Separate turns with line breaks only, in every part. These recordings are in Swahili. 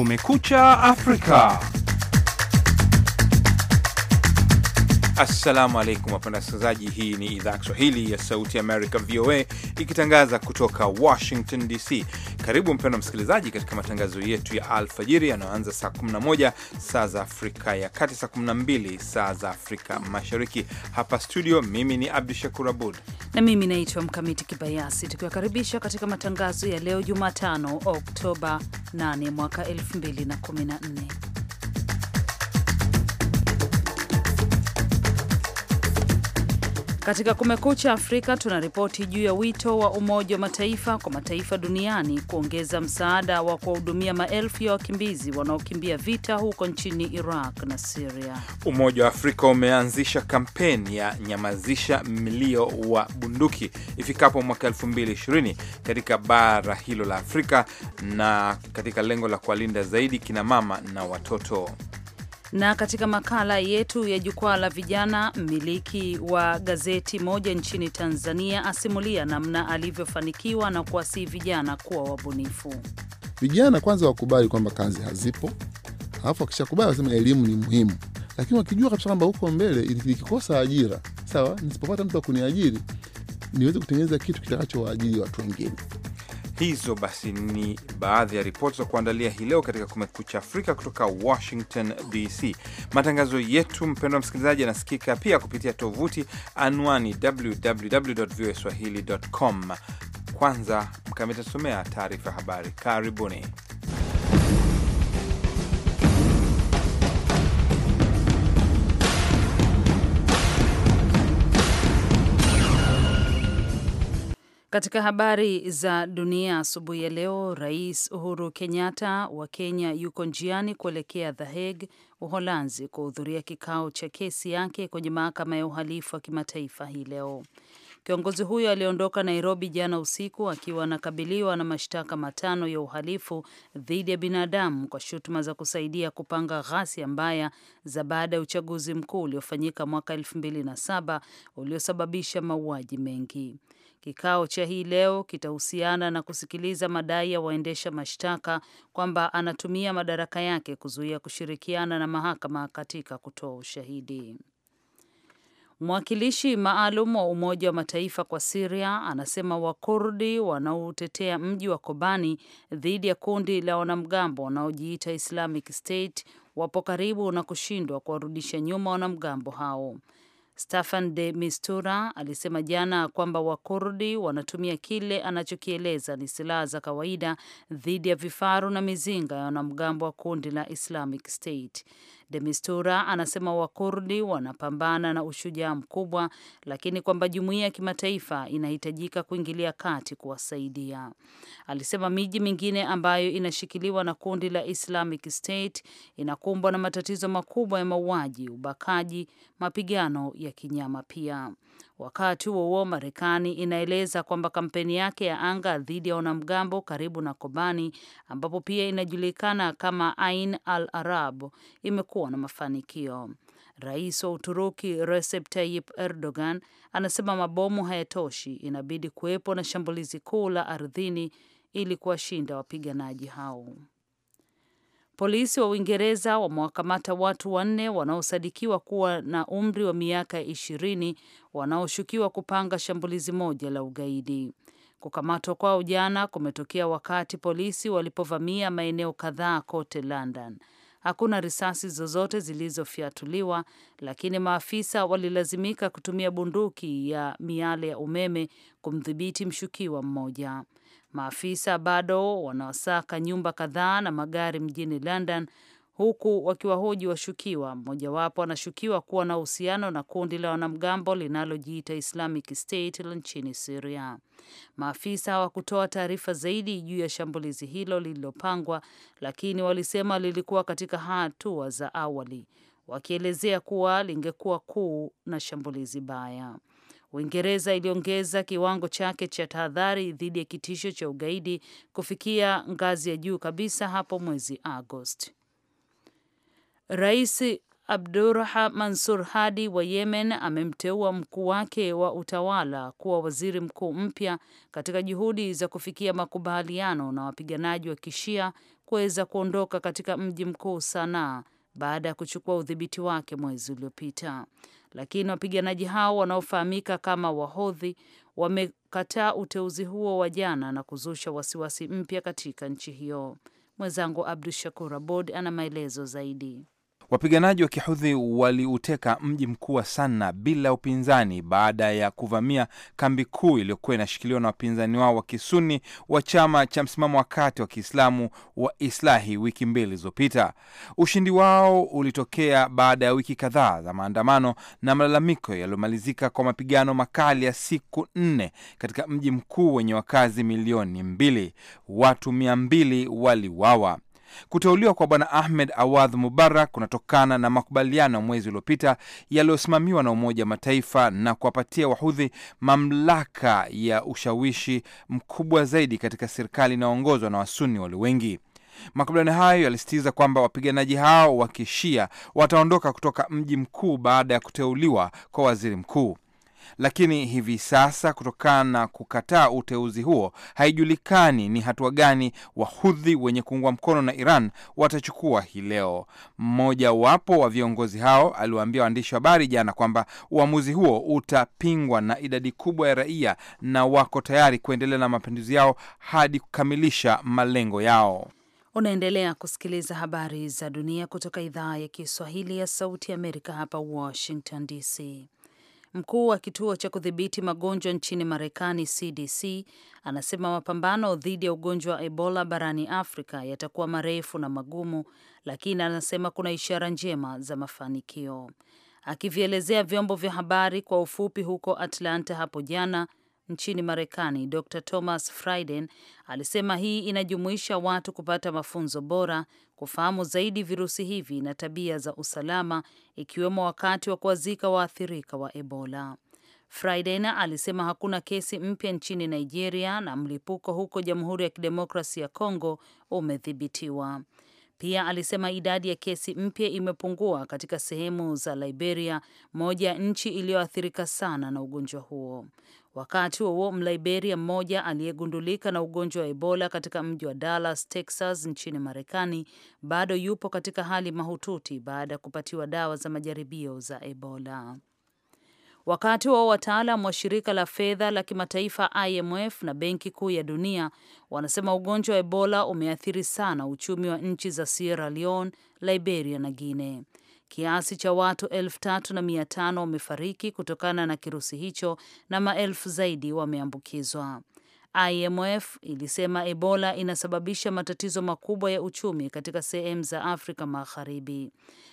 Kumekucha Afrika. Assalamu alaikum wapenda wasikilizaji, hii ni idhaa ya Kiswahili ya Sauti ya Amerika, VOA, ikitangaza kutoka Washington DC. Karibu mpendwa msikilizaji, katika matangazo yetu ya alfajiri yanayoanza saa 11 saa za Afrika ya Kati, saa 12 saa za Afrika Mashariki. Hapa studio, mimi ni Abdu Shakur Abud
na mimi naitwa Mkamiti Kibayasi, tukiwakaribisha katika matangazo ya leo Jumatano, Oktoba 8 mwaka 2014. Katika Kumekucha Afrika tuna ripoti juu ya wito wa Umoja wa Mataifa kwa mataifa duniani kuongeza msaada wa kuwahudumia maelfu ya wakimbizi wanaokimbia vita huko nchini Iraq na Siria.
Umoja wa Afrika umeanzisha kampeni ya nyamazisha mlio wa bunduki ifikapo mwaka 220 katika bara hilo la Afrika na katika lengo la kuwalinda zaidi kinamama na watoto.
Na katika makala yetu ya jukwaa la vijana, mmiliki wa gazeti moja nchini Tanzania asimulia namna alivyofanikiwa na kuwasihi vijana kuwa wabunifu.
Vijana kwanza wakubali kwamba kazi hazipo, alafu wakishakubali wasema elimu ni muhimu, lakini wakijua kabisa kwamba huko mbele ikikosa ajira, sawa, nisipopata mtu wa kuniajiri niweze kutengeneza kitu kitakachowaajiri watu wengine. Hizo
basi ni baadhi ya ripoti za kuandalia hii leo katika Kumekucha Afrika kutoka Washington DC. Matangazo yetu, mpendwa msikilizaji, yanasikika pia kupitia tovuti anwani www voa swahili.com. Kwanza Mkamiti asomea taarifa habari. Karibuni.
Katika habari za dunia asubuhi ya leo, Rais Uhuru Kenyatta wa Kenya yuko njiani kuelekea The Hague, Uholanzi, kuhudhuria kikao cha kesi yake kwenye mahakama ya uhalifu wa kimataifa hii leo. Kiongozi huyo aliondoka Nairobi jana usiku akiwa anakabiliwa na mashtaka matano ya uhalifu dhidi ya binadamu kwa shutuma za kusaidia kupanga ghasia mbaya za baada ya uchaguzi mkuu uliofanyika mwaka 2007 uliosababisha mauaji mengi. Kikao cha hii leo kitahusiana na kusikiliza madai ya waendesha mashtaka kwamba anatumia madaraka yake kuzuia kushirikiana na mahakama katika kutoa ushahidi. Mwakilishi maalum wa Umoja wa Mataifa kwa Siria anasema Wakurdi wanaotetea mji wa Kobani dhidi ya kundi la wanamgambo wanaojiita Islamic State wapo karibu na kushindwa kuwarudisha nyuma wanamgambo hao. Stefan de Mistura alisema jana kwamba Wakurdi wanatumia kile anachokieleza ni silaha za kawaida dhidi ya vifaru na mizinga ya wanamgambo wa kundi la Islamic State demistura anasema Wakurdi wanapambana na ushujaa mkubwa, lakini kwamba jumuiya ya kimataifa inahitajika kuingilia kati kuwasaidia. Alisema miji mingine ambayo inashikiliwa na kundi la Islamic State inakumbwa na matatizo makubwa ya mauaji, ubakaji, mapigano ya kinyama pia. Wakati huo huo, Marekani inaeleza kwamba kampeni yake ya anga dhidi ya wanamgambo karibu na Kobani, ambapo pia inajulikana kama Ain al Arab, imekuwa na mafanikio. Rais wa Uturuki Recep Tayyip Erdogan anasema mabomu hayatoshi, inabidi kuwepo na shambulizi kuu la ardhini ili kuwashinda wapiganaji hao. Polisi wa Uingereza wamewakamata watu wanne wanaosadikiwa kuwa na umri wa miaka ishirini wanaoshukiwa kupanga shambulizi moja la ugaidi. Kukamatwa kwao jana kumetokea wakati polisi walipovamia maeneo kadhaa kote London. Hakuna risasi zozote zilizofyatuliwa, lakini maafisa walilazimika kutumia bunduki ya miale ya umeme kumdhibiti mshukiwa mmoja. Maafisa bado wanawasaka nyumba kadhaa na magari mjini London huku wakiwahoji washukiwa. Mmojawapo anashukiwa kuwa na uhusiano na kundi la wanamgambo linalojiita Islamic State la nchini siria Maafisa hawakutoa taarifa zaidi juu ya shambulizi hilo lililopangwa, lakini walisema lilikuwa katika hatua za awali, wakielezea kuwa lingekuwa kuu na shambulizi baya. Uingereza iliongeza kiwango chake cha tahadhari dhidi ya kitisho cha ugaidi kufikia ngazi ya juu kabisa hapo mwezi Agosti. Rais Abdurraha Mansur Hadi wa Yemen amemteua mkuu wake wa utawala kuwa waziri mkuu mpya katika juhudi za kufikia makubaliano na wapiganaji wa Kishia kuweza kuondoka katika mji mkuu Sanaa baada ya kuchukua udhibiti wake mwezi uliopita lakini wapiganaji hao wanaofahamika kama Wahodhi wamekataa uteuzi huo wa jana na kuzusha wasiwasi mpya katika nchi hiyo. Mwenzangu Abdu Shakur Abod ana maelezo zaidi.
Wapiganaji wa kihudhi waliuteka mji mkuu wa Sana bila upinzani baada ya kuvamia kambi kuu iliyokuwa inashikiliwa na wapinzani wao wa kisuni wa chama cha msimamo wa kati wa Kiislamu wa Islahi wiki mbili zilizopita. Ushindi wao ulitokea baada ya wiki kadhaa za maandamano na malalamiko yaliyomalizika kwa mapigano makali ya siku nne katika mji mkuu wenye wakazi milioni mbili. Watu mia mbili waliuawa. Kuteuliwa kwa Bwana Ahmed Awadh Mubarak kunatokana na makubaliano ya mwezi uliopita yaliyosimamiwa na Umoja wa Mataifa na kuwapatia Wahudhi mamlaka ya ushawishi mkubwa zaidi katika serikali inayoongozwa na Wasuni walio wengi. Makubaliano hayo yalisitiza kwamba wapiganaji hao wa Kishia wataondoka kutoka mji mkuu baada ya kuteuliwa kwa waziri mkuu lakini hivi sasa kutokana na kukataa uteuzi huo, haijulikani ni hatua gani wahudhi wenye kuungwa mkono na Iran watachukua hii leo. Mmojawapo wa viongozi hao aliwaambia waandishi wa habari jana kwamba uamuzi huo utapingwa na idadi kubwa ya raia na wako tayari kuendelea na mapinduzi yao hadi kukamilisha malengo yao.
Unaendelea kusikiliza habari za dunia kutoka idhaa ya Kiswahili ya Sauti ya Amerika, hapa Washington DC. Mkuu wa kituo cha kudhibiti magonjwa nchini Marekani, CDC, anasema mapambano dhidi ya ugonjwa wa Ebola barani Afrika yatakuwa marefu na magumu, lakini anasema kuna ishara njema za mafanikio. Akivielezea vyombo vya habari kwa ufupi huko Atlanta hapo jana, nchini Marekani, Dr Thomas Frieden alisema hii inajumuisha watu kupata mafunzo bora, kufahamu zaidi virusi hivi na tabia za usalama, ikiwemo wakati wa kuwazika waathirika wa Ebola. Friden alisema hakuna kesi mpya nchini Nigeria na mlipuko huko Jamhuri ya Kidemokrasi ya congo umedhibitiwa. Pia alisema idadi ya kesi mpya imepungua katika sehemu za Liberia, moja ya nchi iliyoathirika sana na ugonjwa huo. Wakati wa huo Mliberia mmoja aliyegundulika na ugonjwa wa Ebola katika mji wa Dallas, Texas, nchini Marekani bado yupo katika hali mahututi baada ya kupatiwa dawa za majaribio za Ebola. Wakati wao wataalam wa shirika la fedha la kimataifa IMF na Benki Kuu ya Dunia wanasema ugonjwa wa Ebola umeathiri sana uchumi wa nchi za Sierra Leone, Liberia na Guinea. Kiasi cha watu elfu tatu na mia tano wamefariki kutokana na kirusi hicho na maelfu zaidi wameambukizwa. IMF ilisema Ebola inasababisha matatizo makubwa ya uchumi katika sehemu za Afrika Magharibi.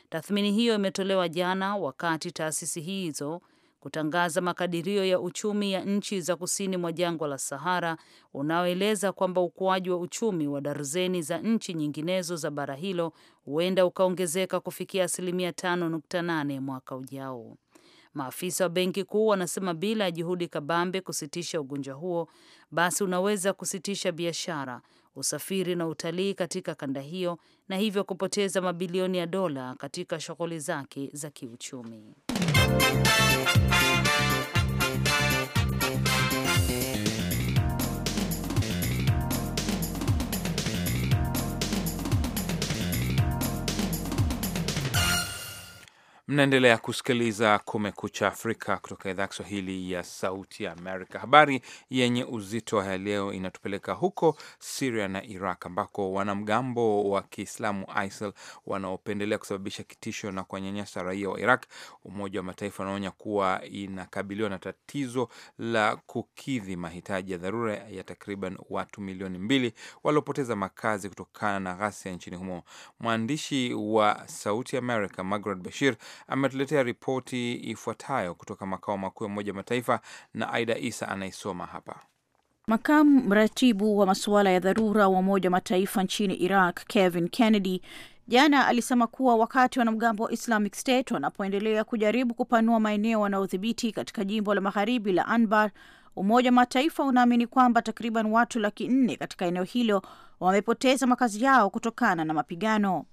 Tathmini hiyo imetolewa jana wakati taasisi hizo kutangaza makadirio ya uchumi ya nchi za kusini mwa jangwa la Sahara unaoeleza kwamba ukuaji wa uchumi wa darzeni za nchi nyinginezo za bara hilo huenda ukaongezeka kufikia asilimia 5.8 mwaka ujao. Maafisa wa benki kuu wanasema bila ya juhudi kabambe kusitisha ugonjwa huo, basi unaweza kusitisha biashara, usafiri na utalii katika kanda hiyo, na hivyo kupoteza mabilioni ya dola katika shughuli zake za kiuchumi.
Mnaendelea kusikiliza Kumekucha Afrika kutoka idhaa ya Kiswahili ya Sauti ya Amerika. Habari yenye uzito wa leo inatupeleka huko Siria na Iraq, ambako wanamgambo wa Kiislamu ISIL wanaopendelea kusababisha kitisho na kuwanyanyasa raia wa Iraq. Umoja wa Mataifa unaonya kuwa inakabiliwa na tatizo la kukidhi mahitaji ya dharura ya takriban watu milioni mbili waliopoteza makazi kutokana na ghasia nchini humo. Mwandishi wa Sauti ya Amerika Margaret Bashir ametuletea ripoti ifuatayo kutoka makao makuu ya Umoja Mataifa, na Aida Isa anaisoma hapa.
Makamu mratibu wa masuala ya dharura wa Umoja Mataifa nchini Iraq, Kevin Kennedy, jana alisema kuwa wakati wanamgambo wa Islamic State wanapoendelea kujaribu kupanua maeneo wanaodhibiti katika jimbo la magharibi la Anbar, Umoja wa Mataifa unaamini kwamba takriban watu laki nne katika eneo hilo wamepoteza makazi yao kutokana na mapigano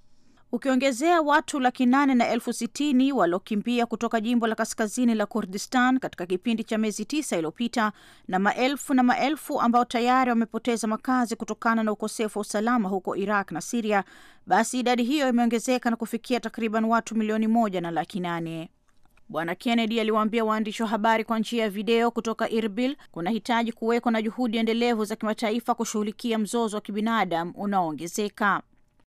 ukiongezea watu laki nane na elfu sitini waliokimbia kutoka jimbo la kaskazini la Kurdistan katika kipindi cha miezi tisa iliyopita na maelfu na maelfu ambao tayari wamepoteza makazi kutokana na ukosefu wa usalama huko Iraq na Siria, basi idadi hiyo imeongezeka na kufikia takriban watu milioni moja na laki nane. Bwana Kennedy aliwaambia waandishi wa habari kwa njia ya video kutoka Irbil, kunahitaji kuwekwa na juhudi endelevu za kimataifa kushughulikia mzozo wa kibinadamu unaoongezeka.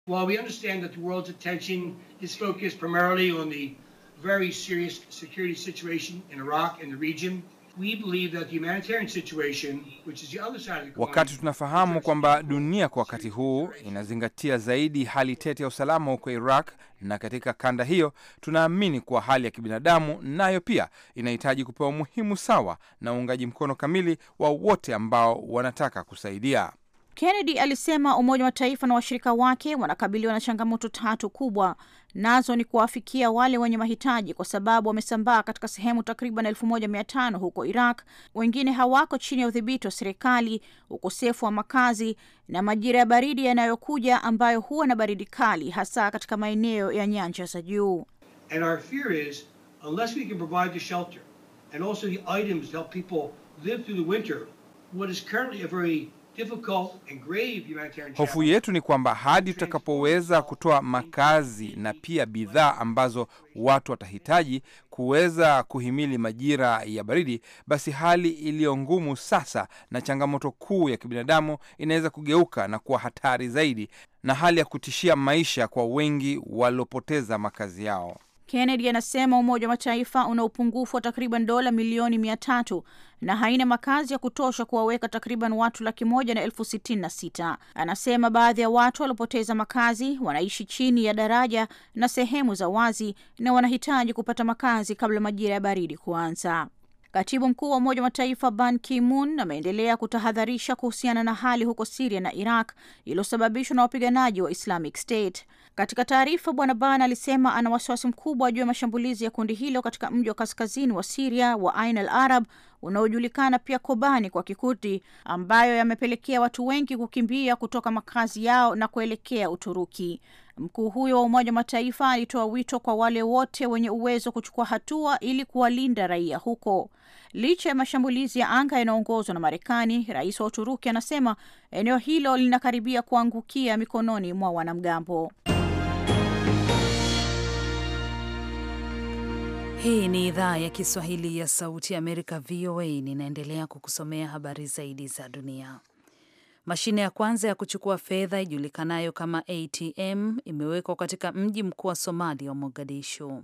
While we understand that the world's attention is focused
primarily on the very serious security situation in Iraq and the region, we believe that the humanitarian situation, which is the other side of the coin, wakati tunafahamu kwamba dunia kwa wakati huu inazingatia zaidi hali tete ya usalama huko Iraq na katika kanda hiyo, tunaamini kuwa hali ya kibinadamu nayo pia inahitaji kupewa umuhimu sawa na uungaji mkono kamili wa wote ambao wanataka kusaidia.
Kennedy alisema Umoja wa taifa na washirika wake wanakabiliwa na changamoto tatu kubwa, nazo ni kuwafikia wale wenye mahitaji, kwa sababu wamesambaa katika sehemu takriban elfu moja mia tano huko Iraq, wengine hawako chini ya udhibiti wa serikali, ukosefu wa makazi na majira ya baridi yanayokuja ambayo huwa na baridi kali, hasa katika maeneo ya nyanja za juu. What is currently a very
Hofu yetu ni kwamba hadi tutakapoweza kutoa makazi na pia bidhaa ambazo watu watahitaji kuweza kuhimili majira ya baridi, basi hali iliyo ngumu sasa na changamoto kuu ya kibinadamu inaweza kugeuka na kuwa hatari zaidi na hali ya kutishia maisha kwa wengi waliopoteza makazi yao.
Kennedy anasema Umoja wa Mataifa una upungufu wa takriban dola milioni mia tatu na haina makazi ya kutosha kuwaweka takriban watu laki moja na elfu sitini na sita. Anasema baadhi ya watu waliopoteza makazi wanaishi chini ya daraja na sehemu za wazi na wanahitaji kupata makazi kabla majira ya baridi kuanza. Katibu mkuu wa Umoja wa Mataifa Ban Ki-moon ameendelea kutahadharisha kuhusiana na hali huko Siria na Iraq iliyosababishwa na wapiganaji wa Islamic State. Katika taarifa, Bwana Ban alisema ana wasiwasi mkubwa juu ya mashambulizi ya kundi hilo katika mji wa kaskazini wa Siria wa Ain al Arab unaojulikana pia Kobani kwa Kikurdi, ambayo yamepelekea watu wengi kukimbia kutoka makazi yao na kuelekea Uturuki. Mkuu huyo wa Umoja wa Mataifa alitoa wito kwa wale wote wenye uwezo kuchukua hatua ili kuwalinda raia huko. Licha ya mashambulizi ya anga yanayoongozwa na Marekani, rais wa Uturuki anasema eneo hilo linakaribia kuangukia mikononi mwa wanamgambo.
Hii ni idhaa ya Kiswahili ya Sauti ya Amerika, VOA. Ninaendelea kukusomea habari zaidi za dunia. Mashine ya kwanza ya kuchukua fedha ijulikanayo kama ATM imewekwa katika mji mkuu wa Somalia wa Mogadishu.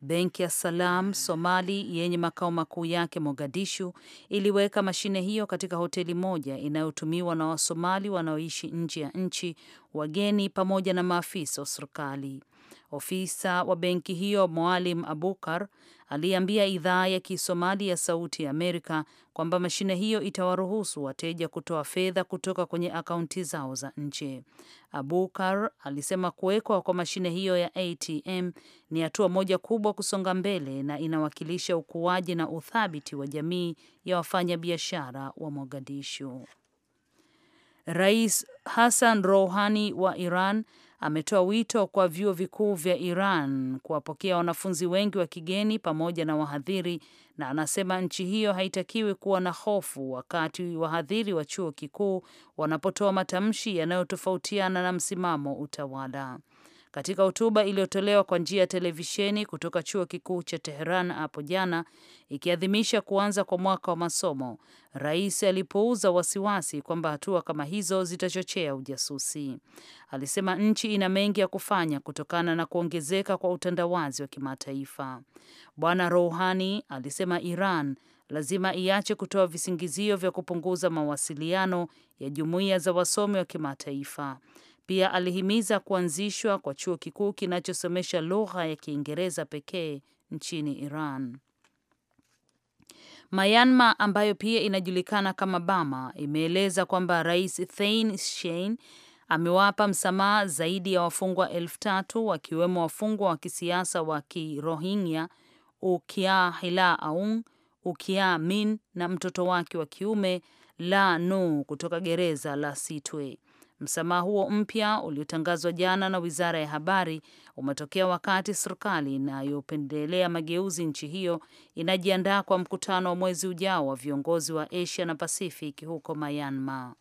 Benki ya Salam Somali yenye makao makuu yake Mogadishu iliweka mashine hiyo katika hoteli moja inayotumiwa na Wasomali wanaoishi nje ya nchi, wageni pamoja na maafisa wa serikali. Ofisa wa benki hiyo mwalim Abukar aliambia idhaa ya Kisomali ya Sauti ya Amerika kwamba mashine hiyo itawaruhusu wateja kutoa fedha kutoka kwenye akaunti zao za nje. Abukar alisema kuwekwa kwa mashine hiyo ya ATM ni hatua moja kubwa kusonga mbele na inawakilisha ukuaji na uthabiti wa jamii ya wafanyabiashara wa Mogadishu. Rais Hassan Rouhani wa Iran ametoa wito kwa vyuo vikuu vya Iran kuwapokea wanafunzi wengi wa kigeni pamoja na wahadhiri, na anasema nchi hiyo haitakiwi kuwa na hofu wakati wahadhiri wa chuo kikuu wanapotoa matamshi yanayotofautiana na msimamo utawala. Katika hotuba iliyotolewa kwa njia ya televisheni kutoka chuo kikuu cha Teheran hapo jana, ikiadhimisha kuanza kwa mwaka wa masomo, rais alipouza wasiwasi kwamba hatua kama hizo zitachochea ujasusi. Alisema nchi ina mengi ya kufanya kutokana na kuongezeka kwa utandawazi wa kimataifa. Bwana Rouhani alisema Iran lazima iache kutoa visingizio vya kupunguza mawasiliano ya jumuiya za wasomi wa kimataifa. Pia alihimiza kuanzishwa kwa chuo kikuu kinachosomesha lugha ya Kiingereza pekee nchini Iran. Myanmar ambayo pia inajulikana kama bama imeeleza kwamba Rais Thein Sein amewapa msamaha zaidi ya wafungwa elfu tatu wakiwemo wafungwa wa kisiasa wa Kirohingya Ukia Hila Aung, Ukia Min na mtoto wake wa kiume La Nu kutoka gereza la Sitwe. Msamaha huo mpya uliotangazwa jana na wizara ya habari umetokea wakati serikali inayopendelea mageuzi nchi hiyo inajiandaa kwa mkutano wa mwezi ujao wa viongozi wa Asia na Pacific huko Myanmar.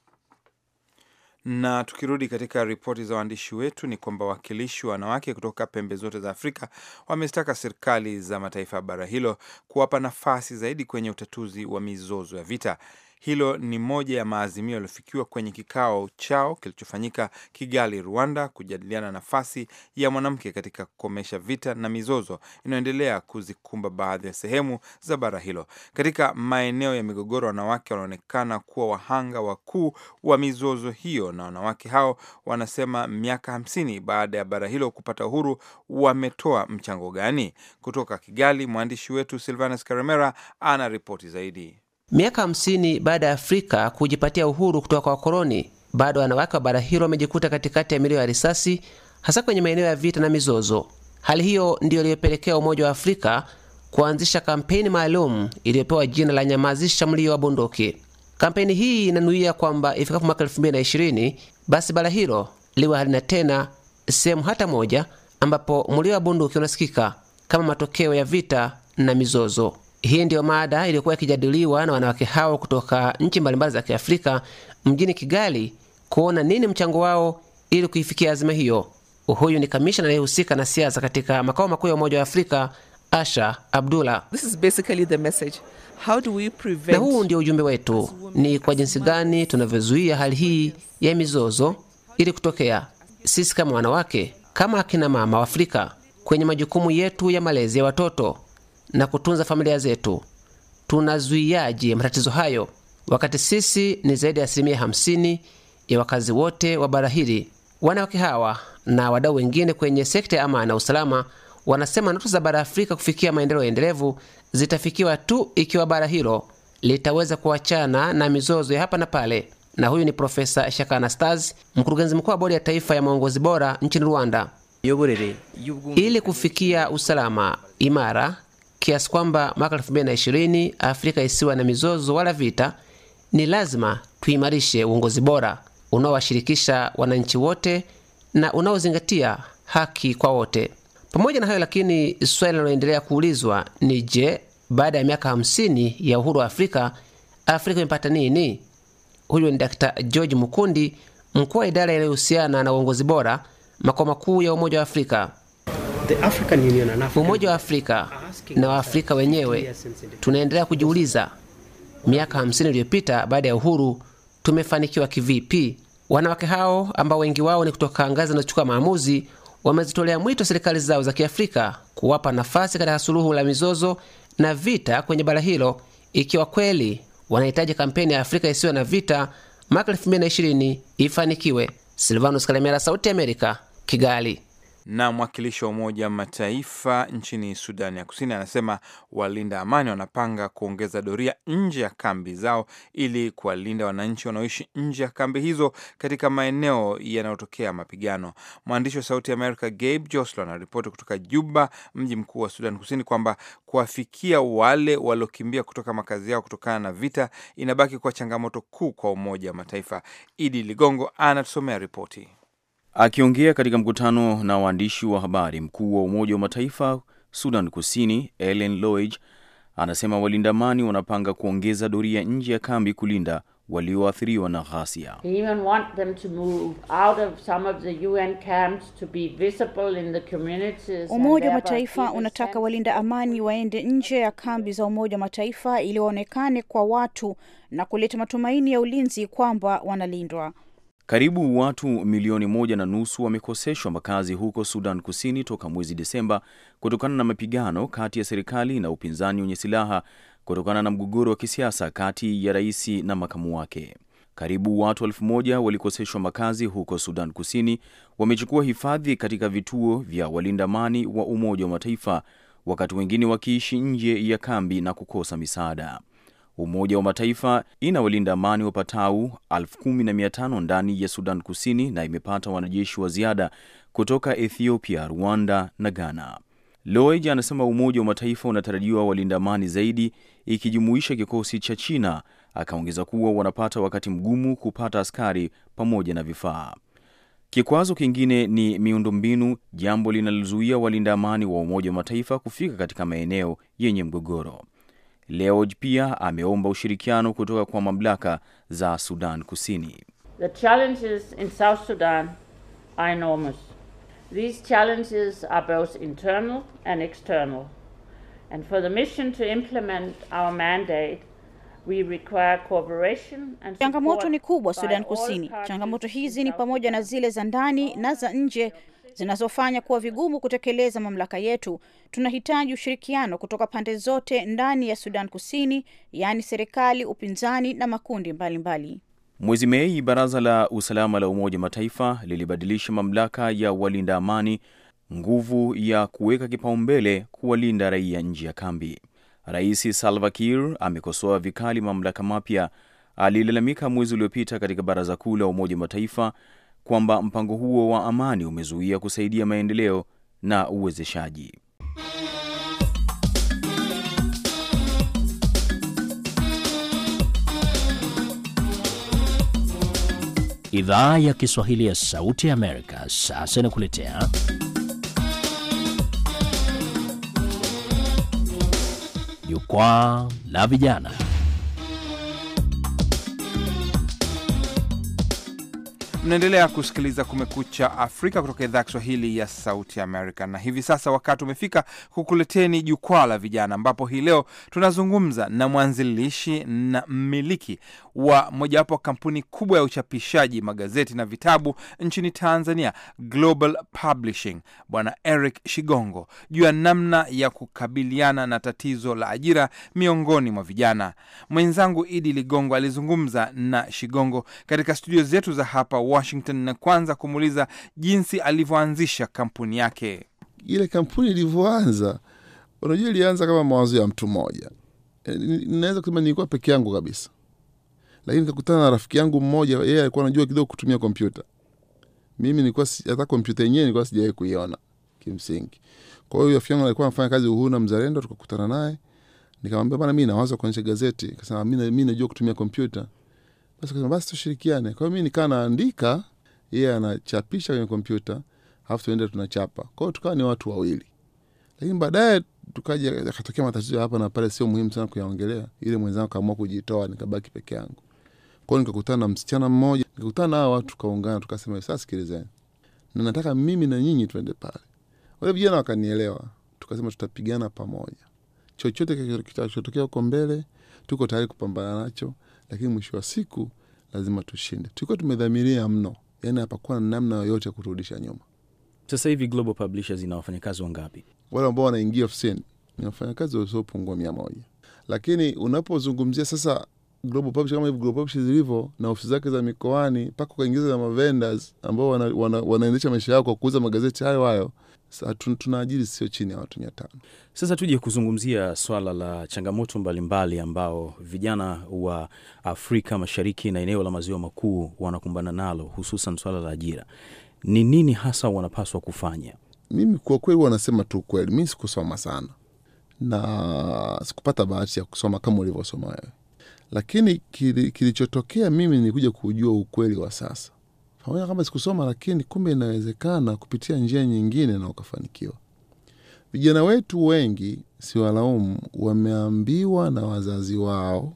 Na tukirudi katika ripoti za waandishi wetu ni kwamba wawakilishi wa wanawake kutoka pembe zote za Afrika wamezitaka serikali za mataifa ya bara hilo kuwapa nafasi zaidi kwenye utatuzi wa mizozo ya vita. Hilo ni moja ya maazimio yaliyofikiwa kwenye kikao chao kilichofanyika Kigali, Rwanda, kujadiliana nafasi ya mwanamke katika kukomesha vita na mizozo inayoendelea kuzikumba baadhi ya sehemu za bara hilo. Katika maeneo ya migogoro, wanawake wanaonekana kuwa wahanga wakuu wa mizozo hiyo, na wanawake hao wanasema miaka hamsini baada ya bara hilo kupata uhuru wametoa mchango gani? Kutoka Kigali, mwandishi wetu Silvanus Karemera ana ripoti zaidi.
Miaka hamsini baada ya Afrika kujipatia uhuru kutoka kwa wakoloni, bado wanawake wa bara hilo wamejikuta katikati ya milio ya risasi, hasa kwenye maeneo ya vita na mizozo. Hali hiyo ndiyo iliyopelekea Umoja wa Afrika kuanzisha kampeni maalum iliyopewa jina la nyamazisha mlio wa bunduki. Kampeni hii inanuia kwamba ifikapo mwaka 2020 basi bara hilo liwe halina tena sehemu hata moja ambapo mlio wa bunduki unasikika kama matokeo ya vita na mizozo. Hii ndiyo mada iliyokuwa ikijadiliwa na wanawake hao kutoka nchi mbalimbali za Kiafrika mjini Kigali, kuona nini mchango wao ili kuifikia azima hiyo. Huyu ni kamishna anayehusika na siasa katika makao makuu ya Umoja wa Afrika, Asha Abdullah. Na huu ndio ujumbe wetu, ni kwa jinsi gani tunavyozuia hali hii ya mizozo ili kutokea. Sisi kama wanawake, kama akina mama wa Afrika, kwenye majukumu yetu ya malezi ya watoto na kutunza familia zetu. Tunazuiaje matatizo hayo, wakati sisi ni zaidi ya asilimia hamsini ya wakazi wote wa bara hili? Wanawake hawa na wadau wengine kwenye sekta ya amani na usalama wanasema ndoto za bara Afrika kufikia maendeleo endelevu zitafikiwa tu ikiwa bara hilo litaweza kuachana na mizozo ya hapa na pale. Na huyu ni Profesa Shaka Anastase, mkurugenzi mkuu wa bodi ya taifa ya maongozi bora nchini Rwanda. Ili kufikia usalama imara kiasi kwamba mwaka ishirini Afrika isiwa na mizozo wala vita, ni lazima tuimarishe uongozi bora unaowashirikisha wananchi wote na unaozingatia haki kwa wote. Pamoja na hayo lakini, swali linaloendelea kuulizwa ni je, baada ya miaka 50 ya uhuru wa Afrika, Afrika imepata nini? Huyu ni Dkt. George Mukundi, mkuu wa idara inayohusiana na uongozi bora, makao makuu ya Umoja wa Afrika. Umoja wa Afrika ah, na Waafrika wenyewe tunaendelea kujiuliza, miaka hamsini iliyopita baada ya uhuru tumefanikiwa kivipi? Wanawake hao ambao wengi wao ni kutoka ngazi zinazochukua maamuzi wamezitolea mwito serikali zao za Kiafrika kuwapa nafasi katika suluhu la mizozo na vita kwenye bara hilo, ikiwa kweli wanahitaji kampeni ya Afrika isiyo na vita mwaka 2020 ifanikiwe. Silvanus Kalemera, Sauti ya Amerika, Kigali. Na mwakilishi wa Umoja Mataifa
nchini Sudani ya Kusini anasema walinda amani wanapanga kuongeza doria nje ya kambi zao ili kuwalinda wananchi wanaoishi nje ya kambi hizo katika maeneo yanayotokea mapigano. Mwandishi wa Sauti ya Amerika Gabe joslo anaripoti kutoka Juba, mji mkuu wa Sudan Kusini, kwamba kuwafikia wale waliokimbia kutoka makazi yao kutokana na vita inabaki kuwa changamoto kuu kwa Umoja wa Mataifa. Idi Ligongo anatusomea ripoti.
Akiongea katika mkutano na waandishi wa habari, mkuu wa Umoja wa Mataifa Sudan Kusini Ellen Loig anasema walinda amani wanapanga kuongeza doria nje ya kambi kulinda walioathiriwa na ghasia.
Umoja wa Mataifa
unataka walinda amani waende nje ya kambi za Umoja wa Mataifa ili waonekane kwa watu na kuleta matumaini ya ulinzi kwamba wanalindwa.
Karibu watu milioni moja na nusu wamekoseshwa makazi huko Sudan Kusini toka mwezi Desemba kutokana na mapigano kati ya serikali na upinzani wenye silaha kutokana na mgogoro wa kisiasa kati ya rais na makamu wake. Karibu watu elfu moja walikoseshwa makazi huko Sudan Kusini wamechukua hifadhi katika vituo vya walinda amani wa Umoja wa Mataifa, wakati wengine wakiishi nje ya kambi na kukosa misaada. Umoja wa Mataifa inawalinda amani wapatau 15 ndani ya Sudan Kusini na imepata wanajeshi wa ziada kutoka Ethiopia, Rwanda na Ghana. Loeja anasema Umoja wa Mataifa unatarajiwa walinda amani zaidi ikijumuisha kikosi cha China. Akaongeza kuwa wanapata wakati mgumu kupata askari pamoja na vifaa. Kikwazo kingine ni miundombinu, jambo linalozuia walinda amani wa Umoja wa Mataifa kufika katika maeneo yenye mgogoro. Leoj pia ameomba ushirikiano kutoka kwa mamlaka za Sudan Kusini.
The challenges in South Sudan are enormous. These challenges are both internal and external. And for the mission to implement our mandate, We require cooperation and changamoto ni kubwa Sudan Kusini.
Changamoto hizi ni pamoja na zile za ndani na za nje zinazofanya kuwa vigumu kutekeleza mamlaka yetu. Tunahitaji ushirikiano kutoka pande zote ndani ya Sudan Kusini, yaani serikali, upinzani na makundi mbalimbali mbali.
Mwezi Mei, baraza la usalama la Umoja wa Mataifa lilibadilisha mamlaka ya walinda amani nguvu ya kuweka kipaumbele kuwalinda raia nje ya kambi. Rais Salva Kiir amekosoa vikali mamlaka mapya. Alilalamika mwezi uliopita katika baraza kuu la Umoja wa Mataifa kwamba mpango huo wa amani umezuia kusaidia maendeleo na uwezeshaji. Idhaa ya Kiswahili ya Sauti ya Amerika sasa inakuletea jukwaa la vijana.
Mnaendelea kusikiliza Kumekucha Afrika kutoka idhaa ya Kiswahili ya Sauti Amerika, na hivi sasa wakati umefika kukuleteni Jukwaa la Vijana, ambapo hii leo tunazungumza na mwanzilishi na mmiliki wa mojawapo kampuni kubwa ya uchapishaji magazeti na vitabu nchini Tanzania, Global Publishing, Bwana Eric Shigongo, juu ya namna ya kukabiliana na tatizo la ajira miongoni mwa vijana. Mwenzangu Idi Ligongo alizungumza na Shigongo katika studio zetu za hapa Washington na kwanza kumuuliza jinsi alivyoanzisha kampuni yake.
Ile kampuni ilivyoanza, unajua, ilianza kama mawazo ya mtu mmoja. Eh, Naweza kusema nilikuwa peke yangu kabisa, lakini nikakutana na rafiki yangu mmoja, yeye yeah, alikuwa anajua kidogo kutumia kompyuta. Mimi nilikuwa hata kompyuta yenyewe nilikuwa sijawahi kuiona kimsingi. Kwa hiyo rafiki yangu alikuwa anafanya kazi Uhuru na Mzalendo, tukakutana naye nikamwambia bana, mi nawaza kuonyesha gazeti. Kasema mi najua kutumia kompyuta basi kasema basi tushirikiane. Kwa hiyo mi nikaa naandika, yeye yeah, anachapisha kwenye kompyuta, alafu tuende tunachapa. Kwa hiyo tukawa ni watu wawili, lakini baadaye tukaja akatokea matatizo hapa na pale, sio muhimu sana kuyaongelea. Ile mwenzangu kaamua kujitoa, nikabaki peke yangu. Kwa hiyo nikakutana na msichana mmoja, nikakutana na hawa watu, tukaungana, tukasema sasa, sikilizeni, na nataka mimi na nyinyi tuende pale. Wale vijana wakanielewa, tukasema tutapigana pamoja, chochote kitakachotokea huko mbele, tuko tayari kupambana nacho lakini mwisho wa siku lazima tushinde. Tulikuwa tumedhamiria mno, yani hapakuwa na namna yoyote ya kuturudisha nyuma. Sasa hivi Global Publishers ina wafanyakazi wangapi? Wale ambao wanaingia ofisini ni wafanyakazi wasiopungua mia moja, lakini unapozungumzia sasa Global Publishers kama hivi Global na ofisi zake za mikoani mpaka ukaingiza na mavendors ambao wanaendesha wana, wana maisha yao kwa kuuza magazeti hayo hayo tunaajiri sio chini ya watu mia tano. Sasa tuje kuzungumzia swala la changamoto mbalimbali ambao vijana
wa Afrika Mashariki na eneo la maziwa makuu wanakumbana nalo, hususan swala la
ajira. Ni nini hasa wanapaswa kufanya? Mimi kwa kweli, wanasema tu kweli, mi sikusoma sana na sikupata bahati ya kusoma kama ulivyosoma wewe, lakini kilichotokea mimi nikuja kujua ukweli wa sasa pamoja kama sikusoma, lakini kumbe inawezekana kupitia njia nyingine na ukafanikiwa. Vijana wetu wengi, si walaumu, wameambiwa na wazazi wao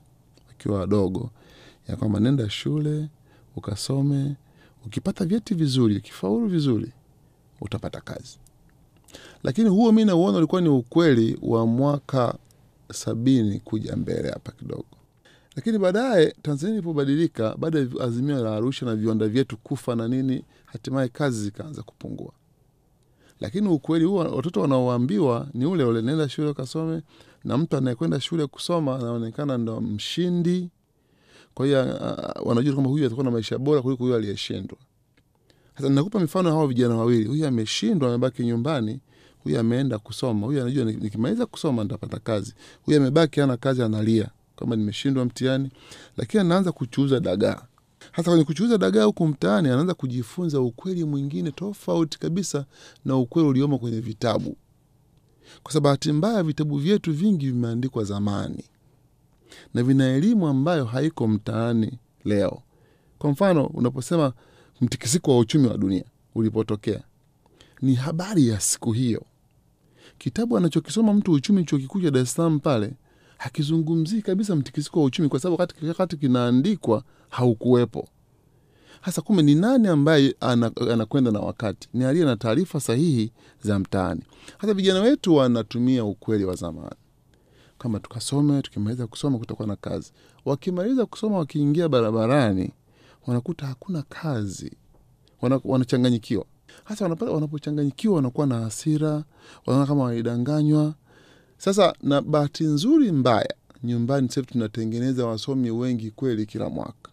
wakiwa wadogo ya kwamba nenda shule ukasome, ukipata vyeti vizuri, ukifaulu vizuri, utapata kazi. Lakini huo mi nauona ulikuwa ni ukweli wa mwaka sabini kuja mbele hapa kidogo lakini baadaye Tanzania ilipobadilika baada ya azimio la Arusha na viwanda vyetu kufa na nini, hatimaye kazi zikaanza kupungua. Lakini ukweli huo watoto wanaoambiwa ni ule ule, naenda shule ukasome, na mtu anayekwenda shule kusoma anaonekana ndo mshindi. Kwa hiyo uh, wanajua kwamba huyu atakuwa na maisha bora kuliko huyu aliyeshindwa. Sasa nakupa mifano hawa vijana wawili, huyu ameshindwa, amebaki nyumbani, huyu ameenda kusoma. Huyu anajua nikimaliza kusoma ntapata kazi, huyu amebaki ana kazi, analia kama nimeshindwa mtihani, lakini anaanza kuchuuza dagaa. Hasa kwenye kuchuuza dagaa huku mtaani, anaanza kujifunza ukweli mwingine tofauti kabisa na ukweli uliomo kwenye vitabu, kwa sababu bahati mbaya vitabu vyetu vingi vimeandikwa zamani na vina elimu ambayo haiko mtaani leo. Kwa mfano, unaposema mtikisiko wa uchumi wa dunia ulipotokea, ni habari ya siku hiyo. Kitabu anachokisoma mtu uchumi chuo kikuu cha Dar es Salaam pale hakizungumzii kabisa mtikisiko wa uchumi, kwa sababu wakati, wakati kinaandikwa haukuwepo. Hasa kumbe ni nani ambaye anakwenda na wakati? Ni aliye na taarifa sahihi za mtaani. hasa vijana wetu wanatumia ukweli wa zamani kama tukasome, tukimaliza kusoma kutakuwa na kazi. Wakimaliza kusoma, wakiingia barabarani, wanakuta hakuna kazi, wanachanganyikiwa. Hasa wanapochanganyikiwa, wanakuwa na hasira, wanaona kama walidanganywa, sasa na bahati nzuri mbaya, nyumbani sasa tunatengeneza wasomi wengi kweli kila mwaka.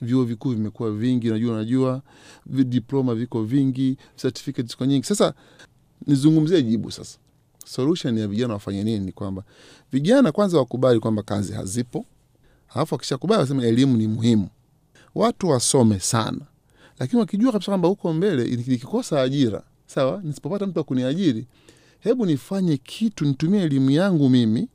Vyuo vikuu vimekuwa vingi, najua najua, diploma viko vingi, certificate ziko nyingi. Sasa nizungumzie jibu sasa, solution ya vijana wafanye nini? Ni kwamba vijana kwanza wakubali kwamba kazi hazipo, alafu wakishakubali wasema elimu ni muhimu, watu wasome sana, lakini wakijua kabisa kwamba huko mbele nikikosa ajira sawa, nisipopata mtu akuniajiri hebu nifanye kitu, nitumie elimu yangu mimi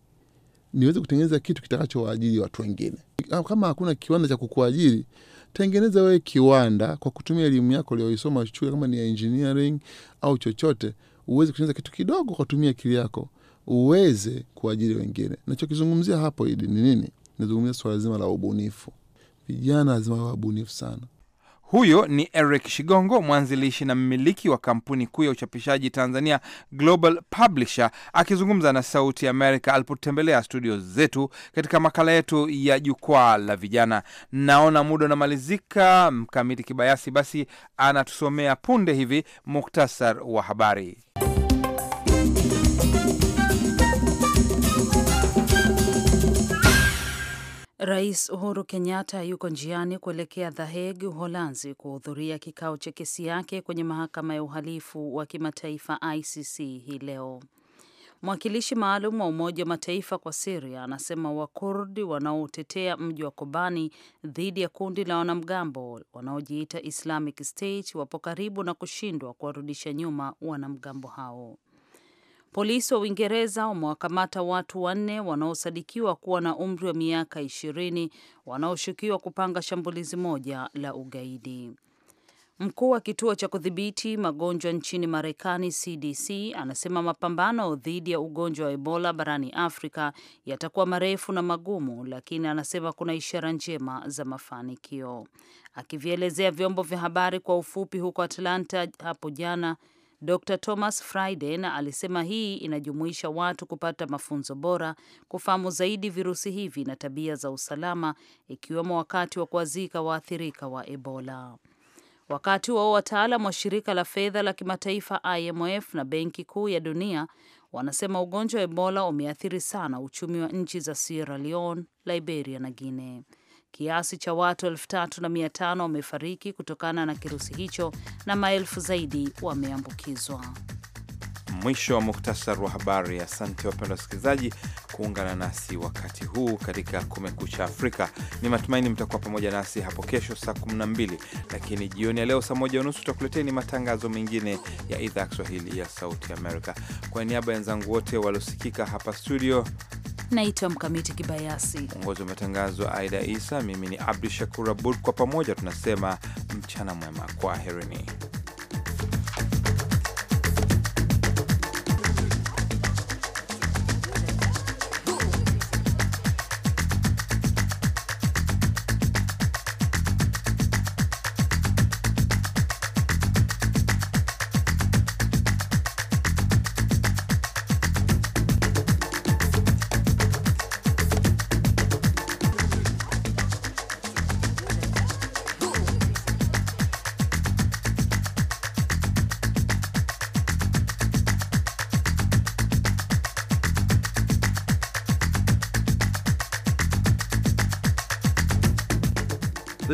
niweze kutengeneza kitu kitakachowaajiri watu wengine. Kama hakuna kiwanda cha kukuajiri, tengeneza wewe kiwanda kwa kutumia elimu yako lioisoma shule, kama ni engineering au chochote, uweze kutengeneza kitu kidogo kwa kutumia akili yako, uweze kuajiri wengine. Nachokizungumzia hapo idi ni nini? Nazungumzia swala zima la ubunifu. Vijana lazima wawe wabunifu sana.
Huyo ni Eric Shigongo, mwanzilishi na mmiliki wa kampuni kuu ya uchapishaji Tanzania Global Publisher, akizungumza na Sauti Amerika alipotembelea studio zetu katika makala yetu ya Jukwaa la Vijana. Naona muda unamalizika, Mkamiti Kibayasi basi anatusomea punde hivi muktasar wa habari.
Rais Uhuru Kenyatta yuko njiani kuelekea The Hague, Uholanzi, kuhudhuria kikao cha kesi yake kwenye mahakama ya uhalifu wa kimataifa ICC hii leo. Mwakilishi maalum wa Umoja wa Mataifa kwa Siria anasema Wakurdi wanaotetea mji wa Kobani dhidi ya kundi la wanamgambo wanaojiita Islamic State wapo karibu na kushindwa kuwarudisha nyuma wanamgambo hao. Polisi wa Uingereza wamewakamata watu wanne wanaosadikiwa kuwa na umri wa miaka ishirini wanaoshukiwa kupanga shambulizi moja la ugaidi. Mkuu wa kituo cha kudhibiti magonjwa nchini Marekani, CDC, anasema mapambano dhidi ya ugonjwa wa Ebola barani Afrika yatakuwa marefu na magumu, lakini anasema kuna ishara njema za mafanikio. Akivielezea vyombo vya habari kwa ufupi huko Atlanta hapo jana, Dr Thomas Frieden alisema hii inajumuisha watu kupata mafunzo bora, kufahamu zaidi virusi hivi na tabia za usalama, ikiwemo wakati wa kuwazika waathirika wa Ebola. Wakati wao wataalam wa shirika la fedha la kimataifa IMF na Benki Kuu ya Dunia wanasema ugonjwa wa Ebola umeathiri sana uchumi wa nchi za Sierra Leone, Liberia na Guinea. Kiasi cha watu 3500 wamefariki kutokana na kirusi hicho na maelfu zaidi wameambukizwa.
Mwisho wa muktasar wa habari. Asante wapenda wasikilizaji kuungana nasi wakati huu katika Kumekucha Afrika. Ni matumaini mtakuwa pamoja nasi hapo kesho saa 12, lakini jioni ya leo saa moja unusu ni matangazo mengine ya idhaa ya Kiswahili ya Sauti Amerika. Kwa niaba ya wenzangu wote waliosikika hapa studio,
Naitwa Mkamiti Kibayasi,
mwongozi wa matangazo Aida Isa, mimi ni Abdu Shakur Abud. Kwa pamoja tunasema mchana mwema, kwa herini.